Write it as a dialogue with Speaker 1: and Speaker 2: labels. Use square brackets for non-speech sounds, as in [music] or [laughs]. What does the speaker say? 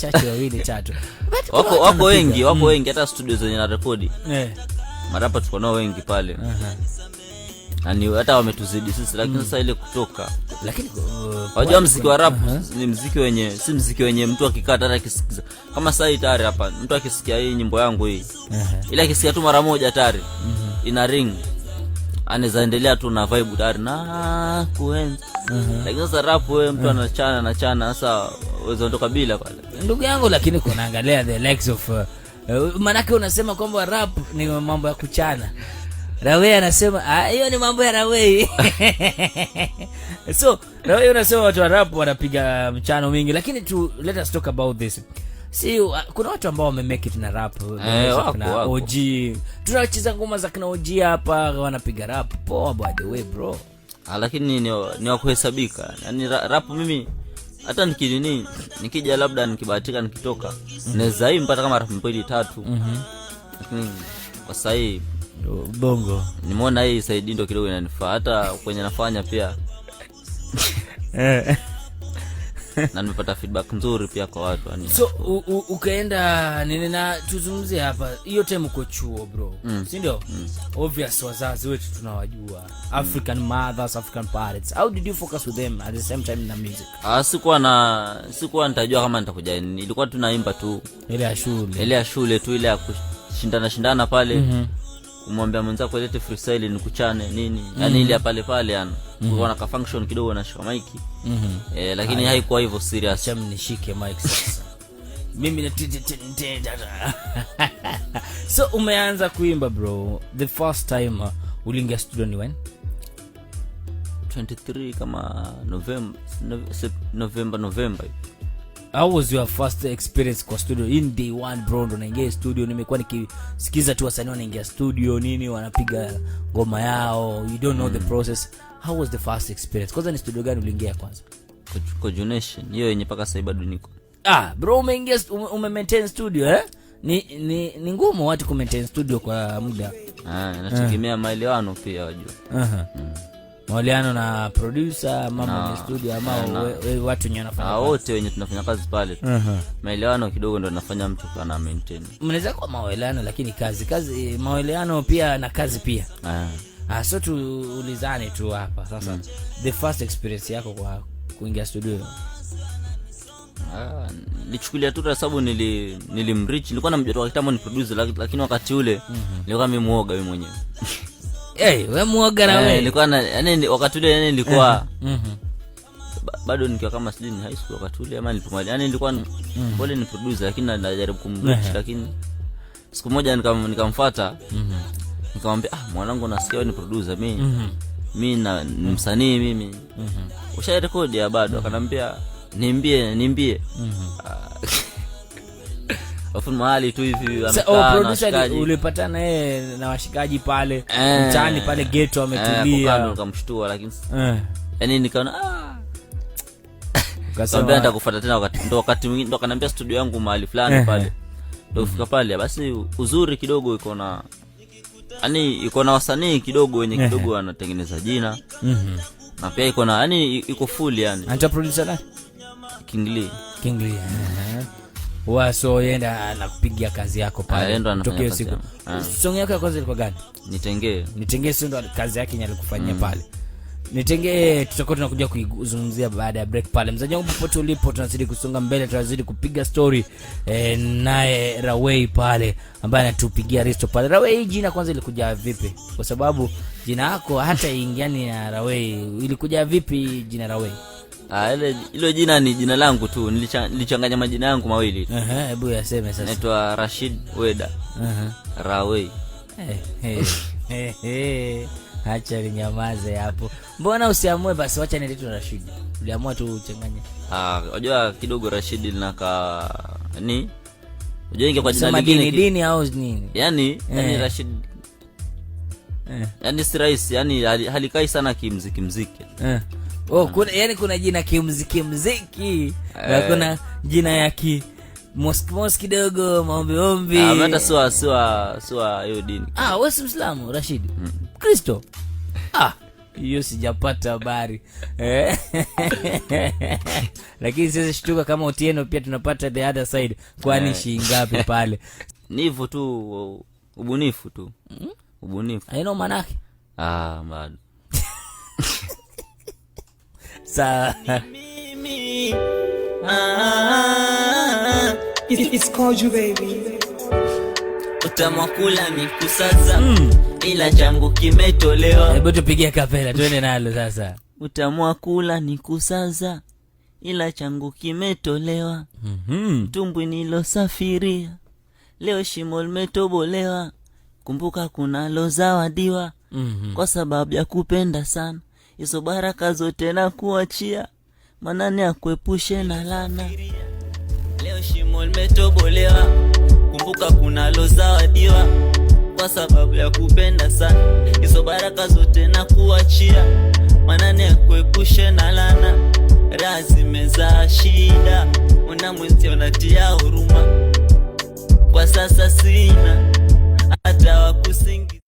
Speaker 1: chache wawili tatu
Speaker 2: wako, wako wengi wako mm. wengi hata studio zenye na rekodi yeah. marapa tuko nao wengi pale uh hata wametuzidi sisi lakini mm. sasa ile kutoka
Speaker 1: lakini uh,
Speaker 2: wajua mziki wa rap ni mziki wenye si mziki wenye mtu akikata hata akisikiza kama sahii tayari hapa mtu akisikia hii nyimbo yangu hii uh ile akisikia tu mara moja tayari mhm. ina ring anezaendelea tu na vibe dari na kuenza uh -huh. Lakini sasa rap we mtu anachana uh -huh. Anachana sasa uweze ondoka bila pale
Speaker 1: ndugu yangu, lakini kunaangalia the likes of uh, uh, manake unasema kwamba rap ni mambo ya kuchana Rawei anasema ah, hiyo ni mambo ya Rawei. [laughs] So Rawei unasema watu wa rap wanapiga mchano mingi, lakini tu let us talk about this si uh, kuna watu ambao wamemake it rap eh, OG tunacheza ngoma za kina OG hapa, wanapiga rap poa, by the way bro.
Speaker 2: Ah, lakini ni, ni wa kuhesabika yani rap mimi hata nikinini nikija labda nikibahatika nikitoka mm -hmm. naweza hii mpata kama rap mbili tatu
Speaker 1: mm -hmm. lakini kwa sasa bongo
Speaker 2: nimeona hii saidi ndio kidogo inanifaa hata kwenye nafanya pia eh. [laughs] na nimepata feedback nzuri pia kwa watu
Speaker 1: yani. So ukaenda nini na tuzungumzie hapa hiyo time uko chuo bro, mm. si ndio? mm. Obvious wazazi wetu tunawajua, African mm. mothers, African parents, how did you focus with them at the same time na music?
Speaker 2: Ah, sikuwa na sikuwa nitajua kama nitakuja, ilikuwa tunaimba tu
Speaker 1: ile ya shule,
Speaker 2: ile ya shule tu ile ya kushindana shindana pale mm -hmm umwambia mwenzako lete freestyle nikuchane nini mm -hmm. Yani ile mhm. pale pale yani mm -hmm. ka function kidogo nashika maiki mm -hmm. e, eh, lakini haikuwa hivyo serious.
Speaker 1: Acha mnishike mic sasa [laughs] mimi na [laughs] so umeanza kuimba bro, the first time uh, uliingia studio ni when?
Speaker 2: 23 kama Novemba Novemba Novemba
Speaker 1: How was your first experience kwa studio? In day one bro, ndo naingia studio. Nimekuwa nikisikiza tu wasanii wanaingia studio nini, wanapiga ngoma yao, you don't know mm. the process. How was the first experience? Kwanza ni studio gani uliingia kwanza?
Speaker 2: Coordination hiyo yenye mpaka sasa bado niko.
Speaker 1: Ah bro, umeingia ume maintain studio eh? Ni ni, ni ngumu watu ku maintain studio kwa muda.
Speaker 2: Ah, maelewano pia wajua.
Speaker 1: Aha. Uh -huh. mm mahojiano na producer, mama ni ah, studio ama eh, watu wenye wanafanya ah,
Speaker 2: kazi, wote wenye tunafanya kazi pale, maelewano kidogo ndo nafanya mtu kana maintain.
Speaker 1: Mnaweza kuwa maelewano, lakini kazi kazi, eh, maelewano pia na kazi pia. Eh. Ah, so tuulizane tu hapa sasa. mm. the first experience yako kwa kuingia studio
Speaker 2: ah, nichukulia tu kwa sababu nili nilimrich, nilikuwa namjua toka kitambo ni producer, lakini wakati ule mm-hmm. nilikuwa mimuoga muoga mwenyewe [laughs] hey, eh, we muoga bado nikiwa kama sijui ni high school wakati ule ama nilipomaliza. Yani nilikuwa pole mhm. ni producer lakini najaribu kumreach eh. lakini siku moja nikam, nikamfuata mhm. nikamwambia, ah, mwanangu nasikia wewe ni producer mimi. Mimi mhm. na msanii mimi. Usharekodi ya bado akanambia nimbie nimbie.
Speaker 1: Ah. [laughs]
Speaker 2: afu mahali tu hivi amekaa. Oh,
Speaker 1: Ulipata naye na washikaji pale eh. mtaani pale geto, eh, ametulia
Speaker 2: ukamshtua, lakini eh. yani nikaona ah. kaambia nitakufuata tena wakati ndo wakati mwingine ndo akaniambia studio yangu mahali fulani pale, ndo kufika pale basi uzuri kidogo iko na yani iko na wasanii kidogo wenye kidogo wanatengeneza jina mhm. na pia iko na yani iko full yani
Speaker 1: anaita producer nani King Lee Lee waso yenda kazi yako pale tokeo siku ah. song yako ya kwanza ilikuwa gani? Nitengee, nitengee sio ndo kazi yake yenye alikufanyia mm. pale Nitengee tutakuwa tunakuja kuizungumzia baada ya break pale. Mzaji wangu popote ulipo, tunazidi kusonga mbele, tunazidi kupiga story e, naye Rawei pale ambaye anatupigia risto pale. Rawei, jina kwanza ilikuja vipi? Kwa sababu jina yako hata ingiani na Rawei, ilikuja vipi jina Rawei?
Speaker 2: Ah, ile hilo jina ni jina langu tu, nilichanganya majina yangu mawili.
Speaker 1: Ehe, hebu yaseme sasa.
Speaker 2: Naitwa Rashid Weda. uh-huh. Rawei.
Speaker 1: Eh, eh. Eh, acha ninyamaze hapo. Mbona usiamue basi wacha niletwe Rashid. Uliamua tu uchanganye.
Speaker 2: Ah, unajua kidogo Rashid linaka ni inge kwa jina lingine.
Speaker 1: Dini, dini au nini?
Speaker 2: yani, Yaani, yani eh. Rashid eh. yani si rahisi, yani halikai sana kimziki mziki.
Speaker 1: Eh oh, kuna, yani kuna jina kimziki mziki na eh. kuna jina ya ki moski moski kidogo maombi ombi. Ah,
Speaker 2: hata sua sua sua hiyo dini.
Speaker 1: Ah, wewe si Muislamu Rashid? Mm. Kristo. [laughs] Ah, hiyo sijapata habari. Eh. [laughs] Lakini sisi shtuka kama utieno pia tunapata the other side. Kwani eh. shi ngapi pale?
Speaker 2: [laughs] ni hivyo tu ubunifu tu. Mm? Ubunifu.
Speaker 1: aina manake
Speaker 2: Ah, bado
Speaker 1: kabisa. Utamwakula miku kusaza ila changu kimetolewa. Hebu tupigie kapela tuende nalo sasa. kula ni kusaza ila changu kimetolewa. Mhm. Tumbwi nilosafiria leo shimo limetobolewa. Kumbuka kunalo zawadiwa mhm. kwa sababu ya kupenda sana hizo baraka zote na kuachia, manani akuepushe na lana. Leo shimo limetobolewa, kumbuka kuna lozawadiwa kwa sababu ya kupenda sana. Hizo baraka zote na kuachia, manani akuepushe na lana. Raha zimezaa shida, una mwenzi unatia huruma, kwa sasa sina hata wakusingi